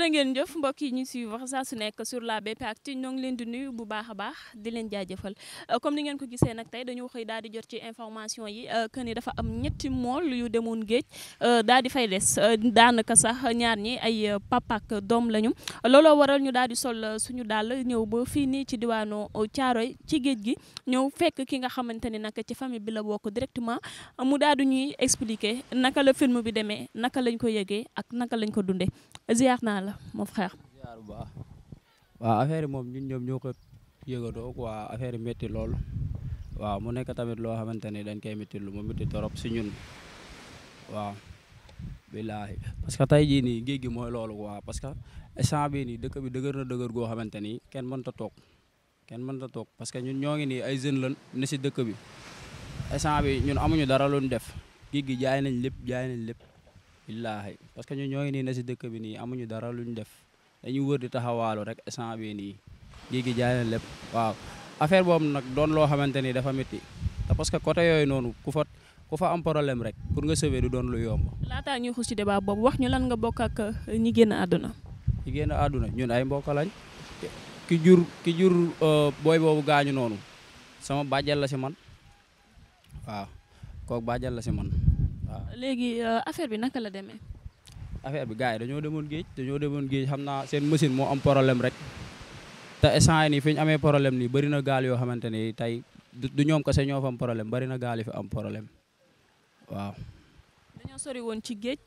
jërë ngeen jëf mbokk yi ñu suivre saa su nekk sur la BP ak ñoo ngi leen di nuyu bu baax a baax di leen jaajafal euh, comme ni ngeen ko gisee nag tey dañu xëy daal di jot ci information yi euh, que ni dafa am ñetti mool yu demoon géej euh, daal di fay des daanaka sax ñaar ñi ay papa ak doom lañu looloo waral ñu daal di sol suñu dàll ñëw ba fii nii ci diwaanu Caaroy ci géej gi ñëw fekk ki nga xamante ni nag ci famille bi la wokk directement mu daal di ñuy expliquer naka la film bi demee naka lañ ko yëgee ak naka lañ ko dundee la mon frère. waaw affaire yi moom ñun ñoom ñoo ko yëgatoo doo affaire yi métti lool waaw mu nekk tamit loo xamante ni dañ koy métti lu mu métti torop si ñun waaw. billaahi parce que tey jii nii géej gi mooy loolu quoi parce que instant bii nii dëkk bi dëgër na dëgër goo xamante ni kenn mënta toog kenn mënta toog parce que ñun ñoo ngi nii ay jeunes lan ne si dëkk bi instant bi ñun dara lu def géej jaay nañ lépp jaay nañ lépp billaahi parce que ñu ñoo ngi nii na si dëkk bi nii amuñu dara luñ def dañuy wër di taxawaalu rek instant bii nii géej gi jaay leen lépp waaw affaire boobu nag doon loo xamante ni dafa métti te parce que côté yooyu noonu ku fa ku fa am problème rek pour nga sauver du doon lu yomb. laataa ñuy xuus ci débat boobu wax ñu lan nga bokk ak euh, ñi génn àdduna. ñi génn àdduna ñun ay mbokk lañ ki jur ki euh, booy boobu gaañu noonu sama bàjjal la si man waaw kooku bàjjal la si man. waaw léegi euh, affaire bi naka la demee. affaire bi gars yi dañoo demoon géej dañoo demoon géej xam naa seen machine moo am problème rek te instant yii nii fi ñu amee problème nii bëri na gaal yoo xamante ni tey du ñoom se ñoo fa problème bëri na gaal fi am problème waaw. dañoo sori woon ci géej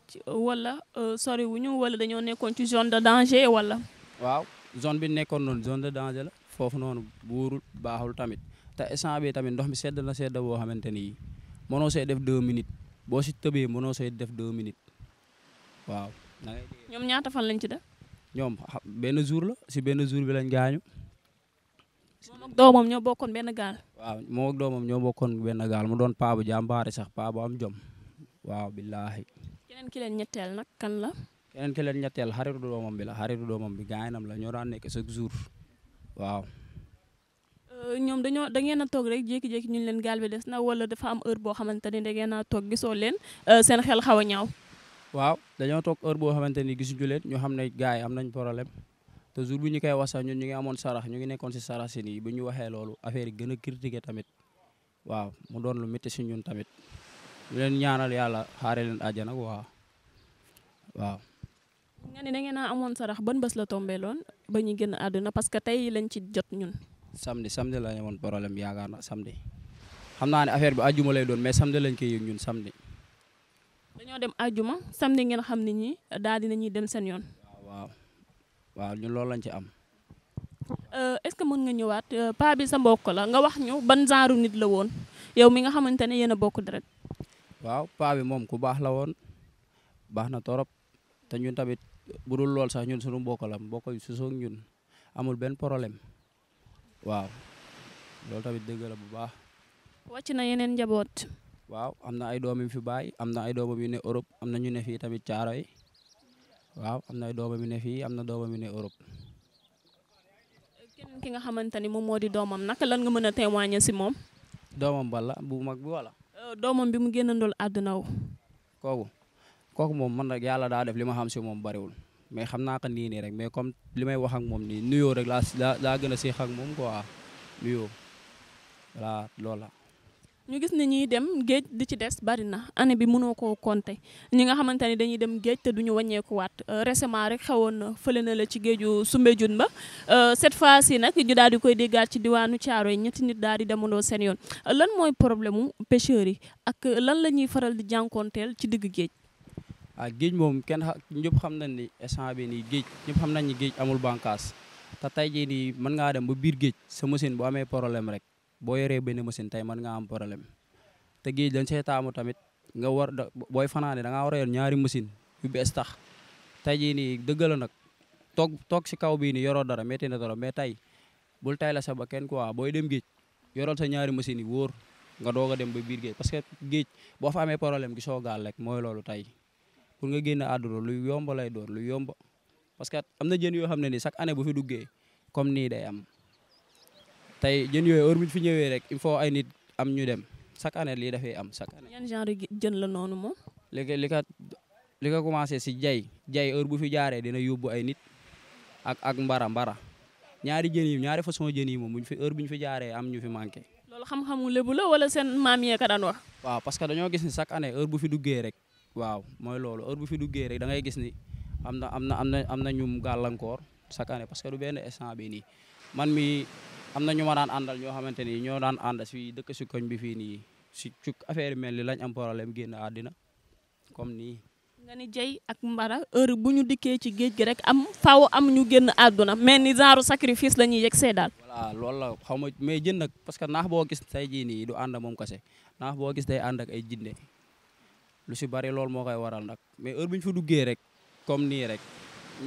wala euh, sori wu ñu wala dañoo nekkoon ci zone de danger wala. waaw zone bi nekkoon noonu zone de danger la foofu noonu buurul baaxul tamit te instant bi tamit ndox mi sedd na sedd boo xamante ni mënoo see def deux minutes. boo si tëbee mënoo say def deux waaw. ñoom ñaata fan lañ ci def. ñoom benn jour la si benn jour bi lañ gaañu. moom ak doomam ñoo bokkoon benn gaal. moo doomam ñoo bokkoon benn gaal mu doon paa bu jàmbaare sax paa bu am jom waaw billaahi. keneen ki ñetteel nag kan la. keneen ki leen ñetteel xaritu doomam bi la xaritu doomam bi gaañam la ñoo daan nekk chaque jour waaw. ñoom dañoo da ngeen a toog rek jékki-jékki leen gaal bi des na wala dafa am heure boo xamante ni da ngeen a toog gisoo leen euh, seen xel xaw a ñaaw. waaw dañoo toog heure boo xamante ni gisuñu leen ñu xam ne gars yi am nañ problème te jour bu koy wax sax ñun ñu ngi amoon sarax ñu ngi nekkoon si sarax si nii bu ñu waxee loolu affaire yi gën a critiqué tamit waaw mu doon lu métti si ñun tamit leen ñaanal yàlla xaare leen àjjana waaw waaw. nga ne da ngeen a amoon sarax ban bés la tombé loon ba ñu génn àdduna parce que tey lañ ci jot ñun. samedi samedi la ñu woon problème yaakaar na samedi xam naa ne affaire bi ajuma lay doon mais samedi lañ koy yëg ñun samedi. dañoo dem ajuma samedi ngeen xam ne ñii daal di nañuy dem seen yoon. waaw waaw ñun loolu lañ ci am. Euh, est-ce que mën nga ñëwaat euh, pa bi sa mbokk la nga wax ñu ban genre nit la woon yow mi nga xamante ne yéen a bokk deret. waaw pa bi moom ku baax la woon baax na torop te ñun tamit bu dul lool sax ñun suñu mbokk la mbokk su soog ñun amul benn problème. waaw loolu tamit dëgg bu baax. wàcc na yeneen njaboot. waaw am na ay doom yu fi bàyyi am na ay doomam yu ne Europe am na ñu ne fii tamit caaro yi waaw am na ay doomam yu ne fii am na doomam yu ne Europe. keneen ki nga xamante ni moom moo di doomam naka lan nga mën a témoigner si moom. doomam bala bu mag bi wala. Euh, doomam bi mu génnandool àdduna wu. kooku kooku moom man nag yàlla daal def li ma xam si moom bariwul mais xam naa ko nii nii rek mais kom li may wax ak moom nii nuyoo rek laa gën a seex ak moom quoi nuyoo loola ñu gis ni ñuy dem géej di ci des bari na année bi mënoo koo compter ñi nga xamante ne dañuy dem géej te duñu wàññeekuwaat euh, récemment rek xewoon na fële na la ci géeju Soumbédioune ba euh, cette fois ci nag ñu daal di koy déggaat ci diwaanu yi ñetti nit daal di demandoo seen yoon lan mooy problème mu pêcheurs yi ak lan la ñuy faral di jànkoonteel ci digg géej. ah géej moom kenn ñëpp xam nañ ni instant bi nii géej ñëpp xam nañ ni géej amul bànqaas te tey jii nii mën ngaa dem ba biir géej sa machine bu amee problème rek boo yoree benn machine tey mën ngaa am problème te géej dañ see taamu tamit nga war da booy fanaane da ngaa war a yor ñaari machine yu bees tax tey jii nii dëgg nag toog toog si kaw bii nii yoroo dara métti na dara mais tey bul tay la sa ba kenn quoi booy dem géej yoral sa ñaari machine yi wóor nga doog a dem ba biir géej parce que géej boo fa amee problème gi soogaal rek mooy loolu tey pour nga génn àdduna lu yomb lay doon lu yomb parce que am na jën yoo xam ne ni chaque année bu fi duggee comme nii day am tey jën yooyu heure bu fi ñëwee rek il faut ay nit am ñu dem chaque année lii dafay am chaque année. yan genre jën la noonu moom. li li ko li ko commencé si jay jay heure bu fi jaaree dina yóbbu ay nit ak ak mbara mbara ñaari jën ñaari façon jën yi ñu fi heure bu ñu fi jaaree am ñu fi manqué. loolu xam-xamu lébu la wala seen maam yee ka parce que dañoo gis ne chaque année heure fi duggee rek waaw mooy loolu heure bu fi duggee rek da ngay gis ni am na am na am na am na ñum gàllankoor chaque année parce que du benn instant bi nii man mi am na ñu ma daan àndal ñoo xamante ni ñoo daan ànd si dëkk si koñ bi fii nii si ci affaire mel ni lañ am génn àddina comme nii. nga ni ak mbara heure bu ñu dikkee ci géej gi rek am faaw am ñu génn àdduna me ni genre sacrifice la yeg yegg wala daal. loolu la xaw ma mais jën nag parce que naax boo gis tey jii nii du ànd moom kese naax boo gis day ànd ak ay jinne lu si bari loolu moo koy waral nag mais heure bu ñu fa duggee rek comme nii rek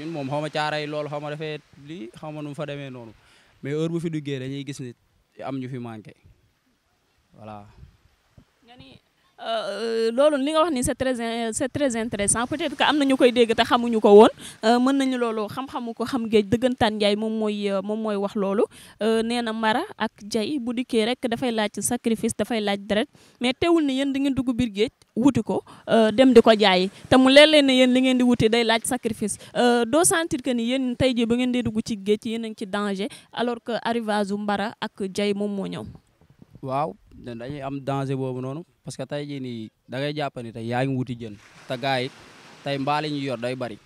ñun moom xaw ma caaray loolu xaw ma defee lii xaw ma nu fa demee noonu mais heure bu fi duggee dañuy gis ni am ñu fi manqué voilà. Euh, loolu li nga wax ni c'est très c'est très intéressant peut-être que am na ñu koy dégg te xamuñu ko woon euh, mën nañu loolu xam-xamu ko xam géej dëggantaan Njaay moom mooy euh, moom mooy wax loolu nee na Mara ak Jay bu dikkee rek dafay laaj sacrifice dafay laaj deret mais teewul ne yéen da ngeen dugg biir wuti ko dem di ko jaayi te mu leer leen ne yéen li ngeen di wuti day laaj sacrifice doo sentir que ni yéen tey jii ba ngeen dee dugg ci géej yéen a ngi ci danger alors que arrivage mbara ak Jay moom moo ñëw dañuy am danger boobu noonu parce que tey jii nii da ngay ni tey yaa ngi wuti jën te gars yi tey mbaali ñu yor day bari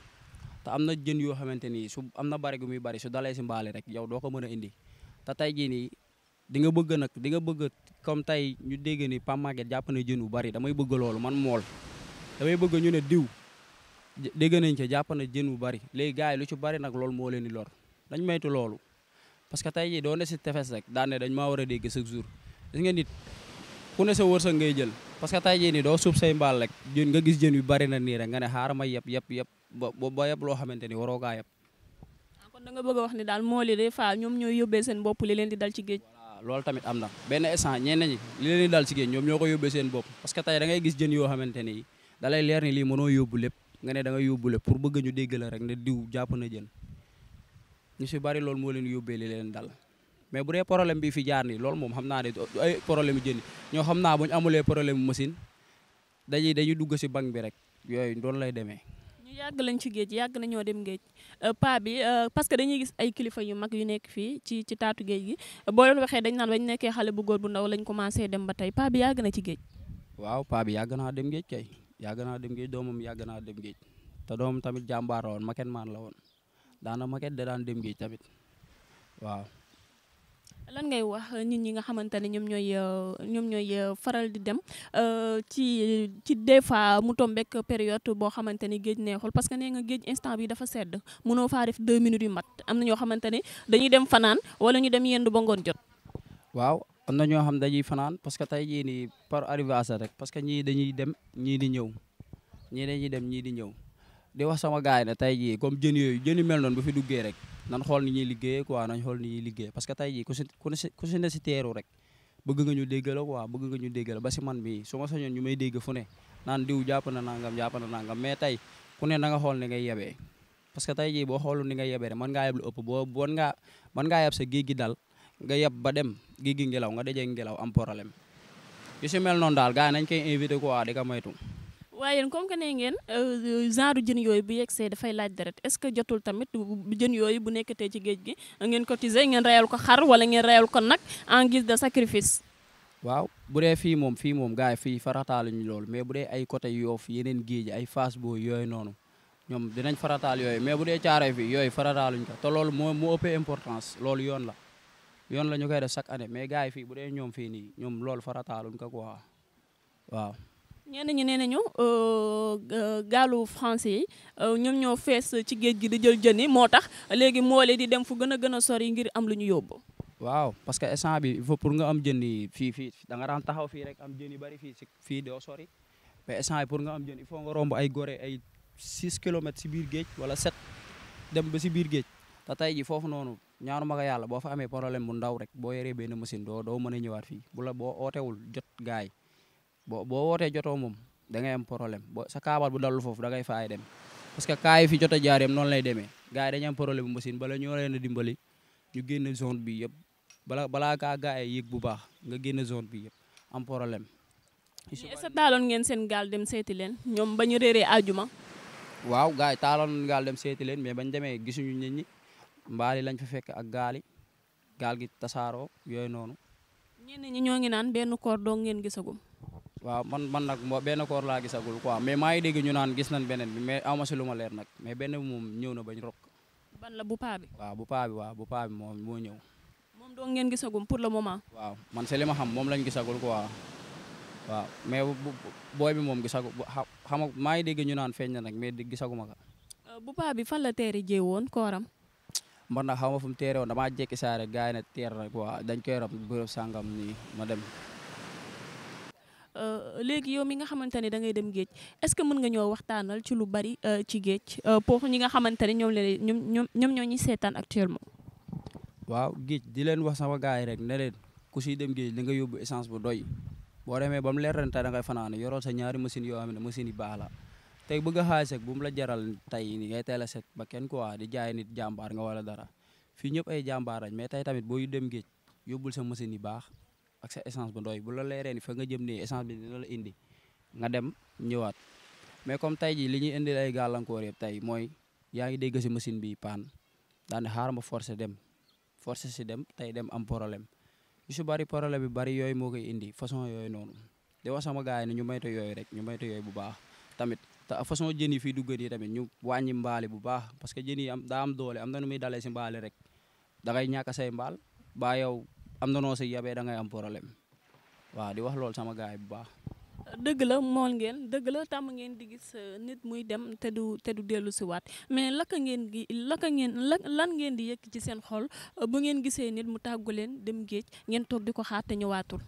te am na jën yoo xamante ni su am na bari gu muy bari su dalee si mbaali rek yow doo ko mën a indi te tey jii nii di nga bëgg nag di nga bëgg comme tey ñu dégg ni Pape jàpp na jën wu bari damay bëgg loolu man mool damay bëgg ñu ne diw dégg nañ ca jàpp na jën wu bari léegi gars yi lu ci bari nag loolu moo leen di lor dañ maytu loolu parce que tey jii doo ne si tefes rek daan dañ maa war a dégg chaque jour gis nga nit ku ne sa wërsëg ngay jël parce que tey jii nii doo suuf say mbaal rek jën nga gis jën yu bari na nii rek ne xaaral ma yeb yeb yeb ba loo xamante ni waroo gaa ah, kon da nga bëgg wax ni daal moo li des fois ñoom ñooy yóbbee seen bopp li leen di dal ci géej. loolu tamit am na benn instant ñenn ñi li leen di ñoom ñoo ko yóbbee seen bopp parce que tey da ngay gis jën yoo xamante ni da lay leer ni lii mënoo yóbbu lépp nga ne da nga yóbbu lépp pour bëgg ñu dégg la rek ne diw jàpp na jën ñu si bari loolu moo leen yóbbee li leen dal mais bu dee problème bi fi jaar ni lool moom xam naa ne problème yu jënd ñoo xam naa bu ñu amulee problème mu machine dañuy dañuy dugg si banque bi rek yooyu doon lay demee. ñu yàgg lañ ci géej yàgg nañoo dem géej euh, pa bi euh, parce que dañuy gis ay kilifa yu mag yu nekk fii ci ci taatu géej gi boo waxee dañ naan bañ nekkee xale bu góor bu ndaw lañ commencé dem ba tey bi yàgg na ci géej. waaw pa bi yàgg naa dem géej kay yàgg naa dem géej doomam yàgg naa dem géej te doomam tamit jàmbaar la woon maket maan la woon daana maket da daan dem géej tamit waaw. lan ngay wax euh, nit ñi nga xamante ne ñoom ñooy euh, ñoom ñooy euh, faral di dem ci ci des fois mu tombeek période boo xamante ni géej neexul parce que nee nga géej instant bi dafa sedd mënoo faa def deux minutes yu mat am na ñoo xamante ne dañuy dem fanaan wala ñu dem yendu ba ngoon jot. waaw am na ñoo xam dañuy fanaan parce que tey jii nii par arrivée à rek parce que ñii dañuy dem ñii di ñëw ñii dañuy dem ñii di ñëw. di wax sama gars ne tey jii comme jën yooyu jën yu mel noonu bu fi duggee rek nan xool ni ñuy liggéey quoi nañ xool ni ñuy liggéey parce que tey jii ku si ku si ne si teeru rek bëgg nga ñu déggal quoi bëgg nga ñu déggal ba si man bi su ma ñu may dégg fu ne naan diw jàpp na nangam jàpp na nangam mais tey ku ne na nga xool ni ngay parce que tey jii boo xoolu ni nga yebee rek mën ngaa yeb ëpp boo bon ngaa mën ngaa yeb sa géej gi dal nga yeb ba dem géej gi ngelaw nga dajee ngelaw am problème yu si mel noonu daal gars nañ invité quoi di ko waaye yéen comme que nee ngeen euh, genre jën yooyu bu yegsee dafay laaj deret est-ce que jotul tamit jën yooyu bu nekkatee ci géej gi ngeen cotiser ngeen reyal ko xar wala ngeen reyal ko nag en guise de sacrifice. waaw bu dee fii moom fii moom gars yi fii farataaluñu loolu mais bu dee ay côté Yoff yeneen géej ay Fass boo yooyu noonu ñoom dinañ farataal yooyu mais bu dee caaree fii yooyu farataaluñ ko te lool moo moo ëppee importance loolu yoon la yoon la ñu koy def chaque année mais gars yi fii bu dee ñoom fii nii ñoom loolu farataaluñ ko quoi waaw. ñenn ñi nee nañu euh, gaalu français yi euh, ñoom ñoo fees ci géej gi di jël jën yi moo tax léegi moole di dem fu gën a gën a sori ngir am lu ñu yóbbu. waaw parce que instant bi il pour nga am jën yi fii fii da nga daan taxaw fii rek am jën yu bëri fii si fii doo sori mais instant bi pour nga am jën il faut nga romb ay gore ay 6 kilomètres si biir géej wala 7 dem ba si biir géej te tey ji foofu noonu ñaanu ma ko yàlla boo fa amee problème bu ndaw rek boo yoree benn machine doo doo mën a ñëwaat fii bu boo ootewul jot gaay boo boo wootee jotoo moom da ngay am problème boo sa kaabal bu dalul foofu da ngay faay dem parce que kaay fi jot a jaar yam noonu lay demee gars yi dañuy am problème bu bala ñoo leen a dimbali ñu génn zone bi yëpp bala balaa kaa gars yi yëg bu baax nga génn zone bi yëpp am problème. est-ce taaloon ngeen seen gaal dem seeti leen ñoom ba ñu réeree àjjuma. waaw gars taaloon gaal dem seeti leen mais bañ demee gisuñu nit ñi mbaali lañ fa fekk ak gaali gaal gi tasaaroo yooyu noonu. ñenn ñi ñoo ngi naan benn koor doo ngeen gisagum. waaw man man nag benn koor laa gisagul quoi mais maa ngi dégg ñu naan gis nañ beneen bi mais awma si lu ma leer nag mais benn moom ñëw na bañ rok ban la bu paa bi waaw bu paa bi waaw bu paa moom moo ñëw moom doo ngeen gisagum pour le moment waaw man c'est li ma xam moom lañ gisagul quoi waaw mais booy bi moom gisagu xam maa ngi dégg ñu naan feeñ na nag mais gisaguma ko euh, bu paa bi fan la teere jee woon kooram man nag xaw ma fu mu teere woon damaa jekki saare gars ne teer na quoi dañ koy rob bërëb sàngam nii ma dem Euh, léegi yow mi nga xamante ne da ngay dem géej est-ce que mën nga ñoo waxtaanal ci lu bari euh, ci géej euh, pour ñi nga xamante ne ñoom la ñoom ñoom ñoom ñoo ñuy seetaan actuellement. waaw géej di leen wax sama gars yi rek ne ku si dem géej li nga yóbbu essence bu doy boo demee ba mu leer ren te da ngay fanaan yoroon sa ñaari machine yoo xam ne machine yi baax la tey bëgg a xaalis bu mu la jaral tey ni ngay teel a set ba kenn quoi di jaay nit jàmbaar nga wala dara fii ñëpp ay jàmbaar mais tey tamit boo dem géej yóbbul sa machine yi baax. ak sa essence bu ndoy bu la leeree ni fa nga jëm nii essence bi dina indi nga dem ñëwaat mais comme tey jii li ñuy indil ay gàllankoor yëpp tey mooy yaa ngi dégg si machine bi paan daan xaar ma forcé dem forcé si dem tey dem am problème yu si bari problème bi bari yooyu moo koy indi façon yooyu noonu di wax sama gars yi ñu maytu yooyu rek ñu maytu yooyu bu baax tamit façon jën yi fii dugg yi tamit ñu wàññi mbaali bu baax parce que jën yi am daa am doole am na nu muy dalee si mbaali rek da ñàkk say mbaal ba yow am na noo si yabee da ngay am poroblème waaw di wax loolu sama gaay bu baax. dëgg la mool ngeen dëgg la tàmm ngeen di gis euh, nit muy dem te du te du dellu si waat mais laka ngeen gi laka ngeen lan ngeen di yëkk ci seen xool euh, bu ngeen gisee nit mu tàggu leen dem géej ngeen toog di ko xaar te ñëwaatul.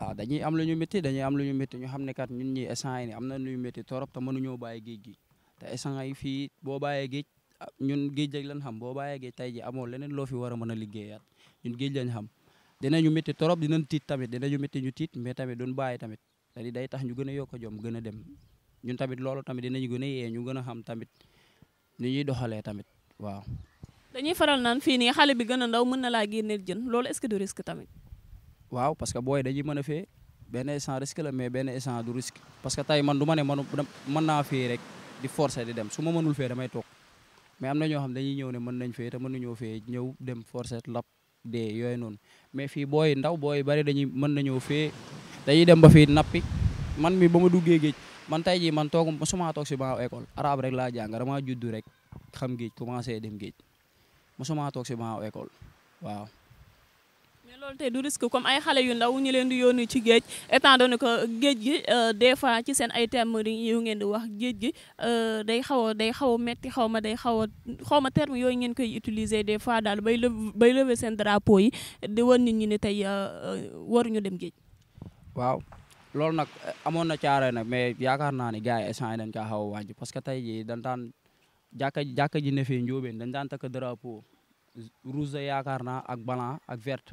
waaw ah, dañuy am lu ñu métti dañuy am lu ñu métti ñu xam ne kat ñun ñii essence yi am na lu ñu métti torop te mënuñoo bàyyi géej gi te essence yi fii boo bàyyee géej ah, ñun géej lañ xam boo bàyyee géej tey ji amoo leneen loo fi war a mën a liggéeyaat ñun géej lañ xam. ñu métti trop dina tiit tamit dinañu métti ñu tiit mais tamit duñ bàyyi tamit cest day tax ñu gën a yokk a jom gën a dem ñun tamit loolu tamit dinañu gën a yee ñu gën a xam tamit ni ñuy doxalee tamit waaw. dañuy faral naan fii nii xale bi gën a ndaw mën na laa génneel jën loolu est-ce que du risque tamit. waaw parce que booy dañuy mën a fee benn instant risque la mais benn instant du risque parce que tey man du ma ne manu mën naa fee rek di forcer di dem su ma mënul fee damay toog mais am na ñoo xam dañuy ñëw ne mën nañ fee te ñëw fee ñëw dem forcer lap dee yooyu noonu mais fii booy ndaw booy bari dañuy mën nañoo fee dañuy dem ba fii nappi man mi ba ma duggee géej man tey jii man toog mosuma toog si ban école arabe rek laa jàng dama juddu rek xam géej commencé dem géej mosuma toog si ban école waaw loolu du risque comme ay xale yu ndaw ñu leen di yónni ci géej étant donné que géej gi euh, des fois ci seen ay termes yu ngeen di wax géej gi euh, day xaw day xaw a metti xaw ma day xaw a xaw ma terme yooyu ngeen koy utiliser des fois daal bay bay lever seen drapeau yi di wan nit ñi ne tey euh, waruñu dem géej. waaw loolu nag amoon na caare nag mais yaakaar naa ne gars yi instant yi dañ kaa xaw a wàññi parce que tey jii dañ daan jàkka jàkka ji ne fii njóobeen dañ daan takk drapeau rouge yaakaar naa ak blanc ak vert.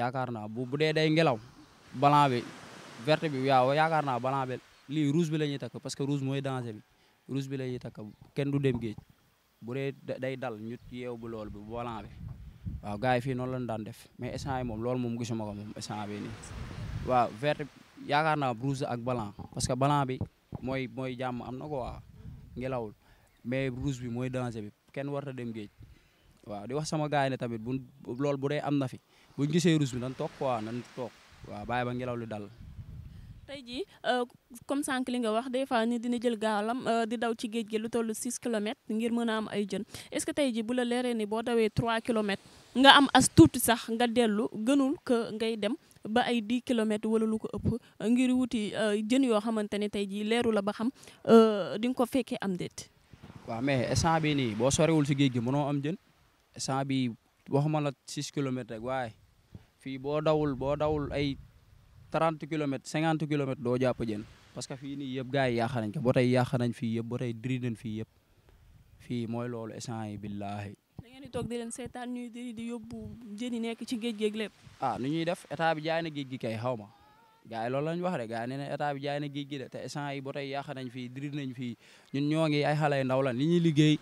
yaakaar naa bu bu dee day ngelaw blanc bi vert bi waaw yaakaar naa blanc bi lii rouge bi la ñuy takk parce que rouge mooy danger bi rouge bi la ñuy takk kenn du dem géej bu dee day dal ñu yeew bu lool bi blanc bi waaw gars yi fii noonu lañu daan def mais instant yi moom loolu moom gisuma ko moom instant bi nii waaw vert yaakaar naa rouge ak blanc parce que blanc bi mooy mooy jàmm am na ko waa ngelawul mais rouge bi mooy danger bi kenn warta dem géej waaw di wax sama gars tamit bu loolu bu dee am na fi buñ gisee rus bi nan toog quoi nan toog waaw bàyyi ba ngelaw li dal. tey jii euh, comme sànq li nga wax des fois nit dina jël gaalam euh, di daw ci géej gi lu toll 6 kilomètres ngir mën a am ay jën est-ce que tey jii bu la leeree ni boo dawee 3 kilomètres nga am as tuuti sax nga dellu gënul que ngay dem ba ay 10 kilomètres wala lu ko ëpp ngir wuti euh, jën yoo xamante ne tey jii leeru la ba xam di nga ko fekkee am déet. waaw mais instant bi nii boo sorewul si géej gi mënoo am jën instant bi waxuma la 6 kilomètres rek waaye fii boo dawul boo dawul ay 30 kilomètres 50 kilomètres doo jàpp jën parce que fii nii yëpp gars yi yàq nañ ko ba tey yàq nañ fii yëpp ba tey diri nañ fii yëpp fii mooy loolu essence billaahi. da ngeen di ah, ñuy def état jaay na géej de gars yi nee te essence fii diri fii ñun ñoo ay xale ndaw lan li ñuy liggéey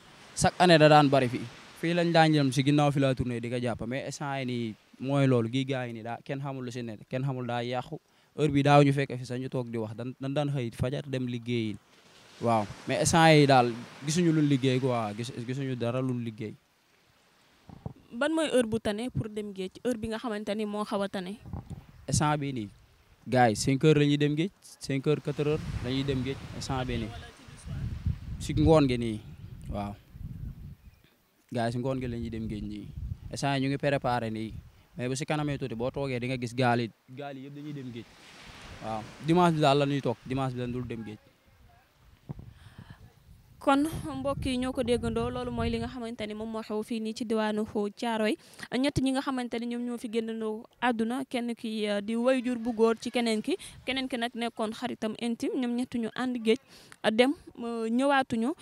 chaque année da daan bari fii fii lañ daan jëm si ginnaaw fi laa tourné di ko jàpp mais essence mooy loolu gi gars yi ni daal kenn xamul lu si ne kenn xamul daa yàqu heure bi daaw ñu fekk fi sax ñu toog di wax dan dan daan xëy fajar dem liggéeyi waaw mais instant yi daal gisuñu lu liggéey quoi gisuñu dara luñ liggéey ban mooy heure bu tane pour dem géej heure bi nga xamante ni moo xaw a tane instant bi nii gars yi cinq heures la dem géej cinq heures quatre heures la dem géej instant bi nii si ngoon gi nii waaw gars yi si ngoon gi la ñuy dem géej nii instant yi ñu ngi préparé nii mais bu si kanamee tuuti boo toogee di nga gis gaal yi gaal yi yëpp dañuy dem géej waaw dimanche bi daal la ñuy toog dimanche bi dañ dem géej kon mbokk yi ñoo ko déggandoo loolu mooy li nga xamante ni moom moo xew fii nii ci diwaanu Thiaroye ñett ñi nga xamante ni ñoom ñoo fi génnandoo àdduna kenn ki euh, di wayjur bu góor ci keneen ki keneen ki nag nekkoon xaritam intime ñoom ñett ñu ànd géej euh, dem euh, ñëwaatuñu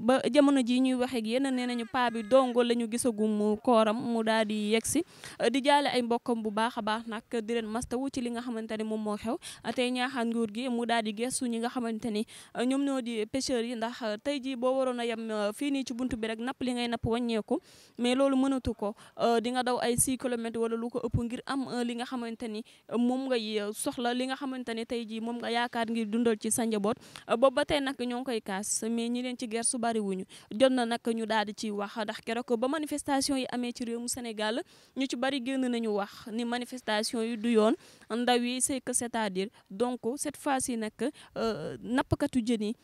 ba jamono jii ñuy waxee ak yéen nañu paa bi dongo la ñu gisagum kooram mu daal di yegg si di jaale ay mbokkam bu baax a baax nag di leen mastawu ci li nga xamante ni moom moo xew tey ñaaxaan nguur gi mu daal di gëstu ñi nga xamante ni ñoom ñoo di pêcheurs yi ndax tey jii boo waroon a yem euh, fii nii ci buntu bi rek napp li ngay napp waññeeku mais loolu mënatu ko euh, dinga daw ay 6 kilomètres lu ko ëpp ngir am euh, li nga xamante ni moom ngay soxla li nga xamante ni tey jii moom yaakaar ngir dundal ci sa njaboot boobu ba tey nag ñoo ngi koy kaas mais ñi leen ci ger su bari jot na nag ñu daal di ci wax ndax keroog ba manifestation yi amee ci réew mu Sénégal ñu ci bari génn nañu wax ni manifestation yi du yoon ndaw yi c'est que cest à donc cette fois-ci nag nappkatu jën yi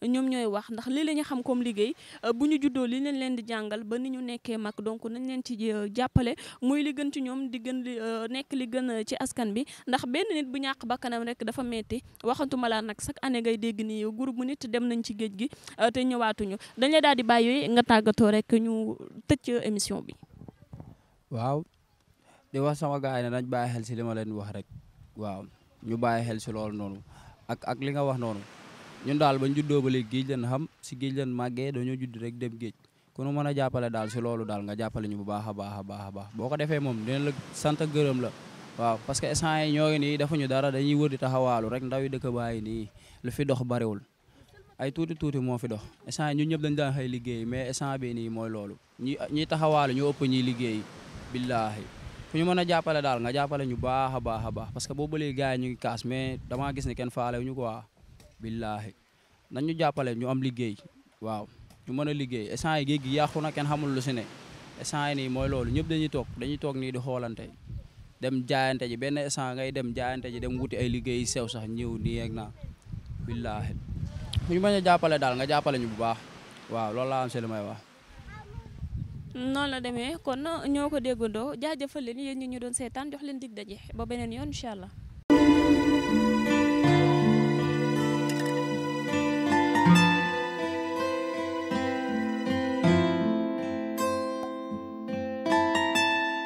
yi ñoom ñooy wax ndax lii la ñu xam comme liggéey euh, bu ñu juddoo li leen leen di jàngal ba ni ñu nekkee mag donc nañu leen ci euh, jàppale muy li gën ci ñoom di gën li euh, nekk li gën ci askan bi ndax benn nit bu ñàkk bakkanam rekk dafa metti waxantuma laa nag chaque année ngay dégg nii groupe bu nit dem nañ ci géej gi te ñëwaatuñu dañ la daal di bàyyi nga tàggatoo rek ñu tëj émission bi. waaw di wax sama gaay yi ne bàyyi xel si li ma leen wax rek waaw ñu bàyyi xel si loolu noonu ak ak wax noonu. ñun daal bañ juddoo ba léegi géej leen xam si géej leen màggee dañoo judd rek dem géej ku nu mën a jàppale daal si loolu daal nga jàppale ñu bu baax a baax a baax a baax boo ko moom dina la sant gërëm la waaw parce que instant yi ñoo ngi nii defuñu dara dañuy wër di taxawaalu rek ndaw yi dëkk bàyyi nii lu fi dox bariwul ay tuuti tuuti moo fi dox instant yi ñun ñëpp dañ daan xëy liggéey mais instant bi nii mooy loolu ñi ñiy taxawaalu ñoo ëpp ñuy liggéey billaahi ku ñu mën a jàppale daal nga jàppale ñu baax a baax a baax parce que boo bëlee gars damaa gis ne kenn faale ñu quoi billaahi nañu jàppale ñu am liggéey waaw ñu mën a liggéey essant yi géej gi yàqu na kenn xamul lu si ne essant yi mooy loolu ñëpp dañu toog dañuy toog nii di xoolante dem jaayante ji benn essant ngay dem jaayante ji dem wuti ay liggéey sew sax ñëw nii ak naa billaahi ñu mën a jàppale daal nga jàppale ñu bu baax waaw lool laa am si may wax noonu la demee kon ñoo ko déggandoo jaajëfal leen yéen ñu ñu doon seetaan jox leen dig ba beneen yoon incha allah